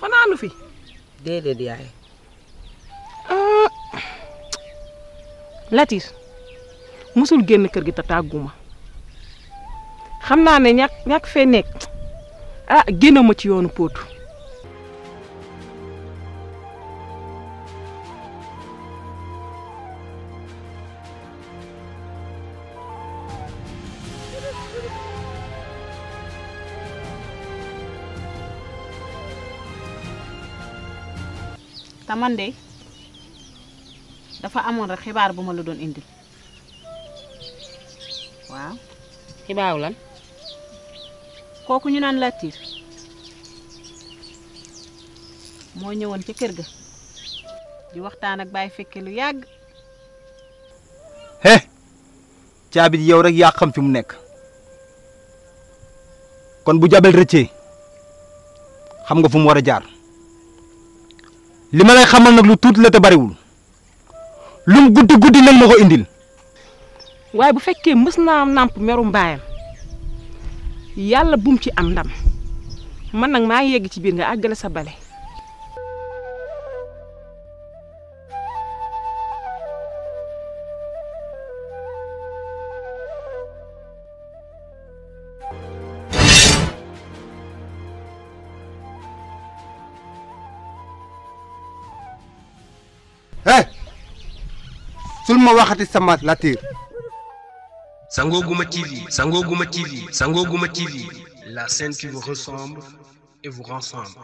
fanaanu fi déedéet yaay ah. Latir musul génn kër gi te xam naa ne ñàkk ñàkk fee nekk ah génn ci yoonu póotu te man de dafa amoon rek xibaar bu ma la doon indil waaw. xibaaru lan. kooku ñu naan Latif moo ñëwoon ci kër ga di waxtaan ak Baye Fekke lu yàgg. he caabi ji yow rek yaa xam fi mu nekk kon bu jabel rëccee xam nga fu mu war a jaar. li ma lay xamal nag lu tuuti la te bariwul lum guddi guddi nag ma ko indil. waaye bu fekkee mës naa nàmp meru mbaayam yàlla bum ci am ndam mën nag maa ngi yegg ci biir nga àggale sa bale. sul ma waxati sama l'a Sango Gouma TV, Sango TV, Sango TV, la scène qui vous ressemble et vous rassemble.